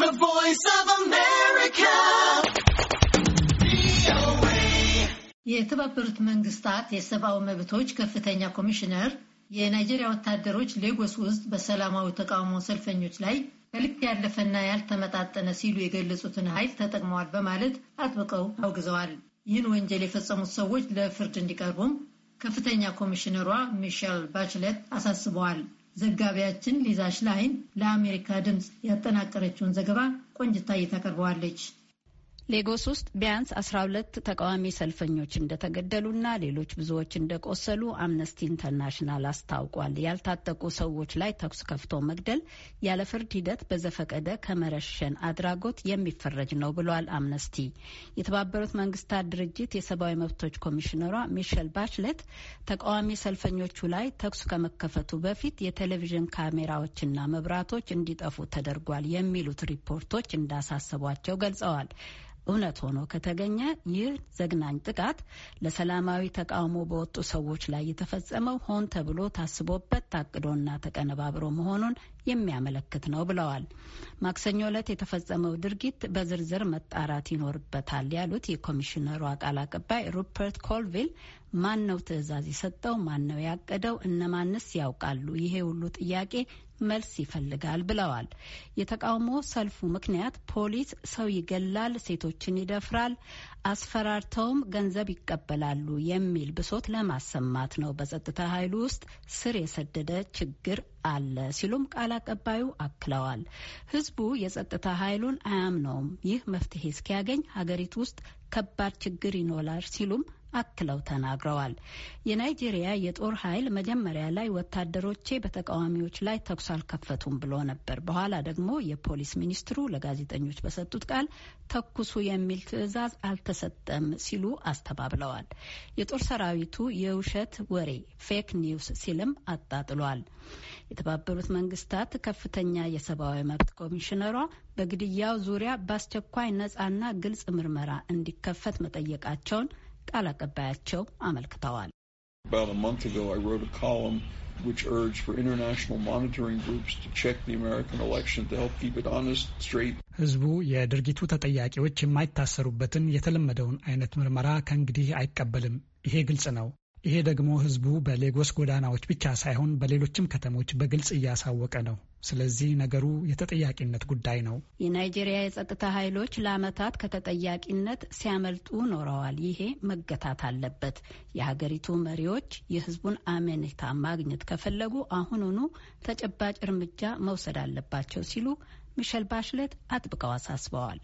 The Voice of America. የተባበሩት መንግስታት የሰብአዊ መብቶች ከፍተኛ ኮሚሽነር የናይጄሪያ ወታደሮች ሌጎስ ውስጥ በሰላማዊ ተቃውሞ ሰልፈኞች ላይ ከልክ ያለፈና ያልተመጣጠነ ሲሉ የገለጹትን ኃይል ተጠቅመዋል በማለት አጥብቀው አውግዘዋል። ይህን ወንጀል የፈጸሙት ሰዎች ለፍርድ እንዲቀርቡም ከፍተኛ ኮሚሽነሯ ሚሼል ባችለት አሳስበዋል። ዘጋቢያችን ሊዛ ሽላይን ለአሜሪካ ድምፅ ያጠናቀረችውን ዘገባ ቆንጅታ እየታቀርበዋለች። ሌጎስ ውስጥ ቢያንስ አስራ ሁለት ተቃዋሚ ሰልፈኞች እንደተገደሉና ሌሎች ብዙዎች እንደቆሰሉ አምነስቲ ኢንተርናሽናል አስታውቋል። ያልታጠቁ ሰዎች ላይ ተኩስ ከፍቶ መግደል ያለ ፍርድ ሂደት በዘፈቀደ ከመረሸን አድራጎት የሚፈረጅ ነው ብሏል አምነስቲ። የተባበሩት መንግስታት ድርጅት የሰብአዊ መብቶች ኮሚሽነሯ ሚሸል ባችለት ተቃዋሚ ሰልፈኞቹ ላይ ተኩስ ከመከፈቱ በፊት የቴሌቪዥን ካሜራዎችና መብራቶች እንዲጠፉ ተደርጓል የሚሉት ሪፖርቶች እንዳሳሰቧቸው ገልጸዋል። እውነት ሆኖ ከተገኘ ይህ ዘግናኝ ጥቃት ለሰላማዊ ተቃውሞ በወጡ ሰዎች ላይ የተፈጸመው ሆን ተብሎ ታስቦበት ታቅዶና ተቀነባብሮ መሆኑን የሚያመለክት ነው ብለዋል። ማክሰኞ ዕለት የተፈጸመው ድርጊት በዝርዝር መጣራት ይኖርበታል ያሉት የኮሚሽነሯ ቃል አቀባይ ሩፐርት ኮልቪል ማን ነው ትዕዛዝ የሰጠው? ማን ነው ያቀደው? እነማንስ ያውቃሉ? ይሄ ሁሉ ጥያቄ መልስ ይፈልጋል ብለዋል። የተቃውሞ ሰልፉ ምክንያት ፖሊስ ሰው ይገላል፣ ሴቶችን ይደፍራል፣ አስፈራርተውም ገንዘብ ይቀበላሉ የሚል ብሶት ለማሰማት ነው። በጸጥታ ኃይሉ ውስጥ ስር የሰደደ ችግር አለ ሲሉም ቃል አቀባዩ አክለዋል። ህዝቡ የጸጥታ ኃይሉን አያምነውም። ይህ መፍትሄ እስኪያገኝ ሀገሪቱ ውስጥ ከባድ ችግር ይኖራል ሲሉም አክለው ተናግረዋል። የናይጄሪያ የጦር ኃይል መጀመሪያ ላይ ወታደሮቼ በተቃዋሚዎች ላይ ተኩስ አልከፈቱም ብሎ ነበር። በኋላ ደግሞ የፖሊስ ሚኒስትሩ ለጋዜጠኞች በሰጡት ቃል ተኩሱ የሚል ትዕዛዝ አልተሰጠም ሲሉ አስተባብለዋል። የጦር ሰራዊቱ የውሸት ወሬ ፌክ ኒውስ ሲልም አጣጥሏል። የተባበሩት መንግስታት ከፍተኛ የሰብአዊ መብት ኮሚሽነሯ በግድያው ዙሪያ በአስቸኳይ ነጻና ግልጽ ምርመራ እንዲከፈት መጠየቃቸውን ቃል አቀባያቸው አመልክተዋል። which urged for international monitoring groups to check the American election to help keep it honest, straight. ህዝቡ የድርጊቱ ተጠያቂዎች የማይታሰሩበትን የተለመደውን አይነት ምርመራ ከእንግዲህ አይቀበልም። ይሄ ግልጽ ነው። ይሄ ደግሞ ህዝቡ በሌጎስ ጎዳናዎች ብቻ ሳይሆን በሌሎችም ከተሞች በግልጽ እያሳወቀ ነው። ስለዚህ ነገሩ የተጠያቂነት ጉዳይ ነው። የናይጄሪያ የጸጥታ ኃይሎች ለአመታት ከተጠያቂነት ሲያመልጡ ኖረዋል። ይሄ መገታት አለበት። የሀገሪቱ መሪዎች የህዝቡን አመኔታ ማግኘት ከፈለጉ አሁኑኑ ተጨባጭ እርምጃ መውሰድ አለባቸው ሲሉ ሚሸል ባሽለት አጥብቀው አሳስበዋል።